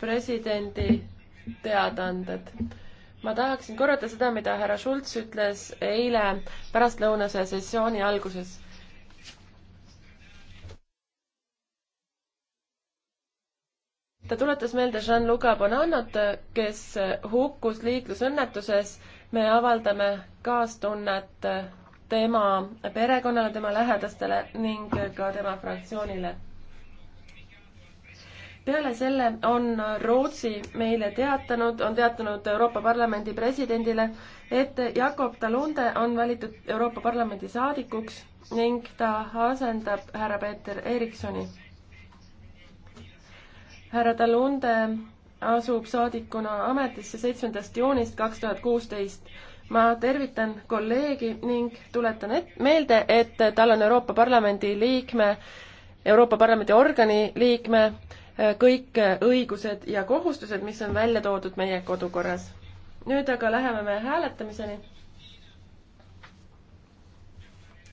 presidendi teadaanded. ma tahaksin korrata seda, mida härra Schulz ütles eile pärastlõunase sessiooni alguses ta tuletas meelde Jean-Luca Bonannot, kes hukkus liiklusõnnetuses. me avaldame kaastunnet tema perekonnale, tema lähedastele ning ka tema fraktsioonile peale selle on Rootsi meile teatanud, on teatanud Euroopa Parlamendi presidendile, et Jakob Talunde on valitud Euroopa Parlamendi saadikuks ning ta asendab härra Peeter Eriksoni. härra Talunde asub saadikuna ametisse seitsmendast juunist kaks tuhat kuusteist. ma tervitan kolleegi ning tuletan et-, meelde, et tal on Euroopa Parlamendi liikme, Euroopa Parlamendi organi liikme Äh, kõik äh, õigused ja kohustused, mis on välja toodud meie kodukorras. nüüd aga läheme me hääletamiseni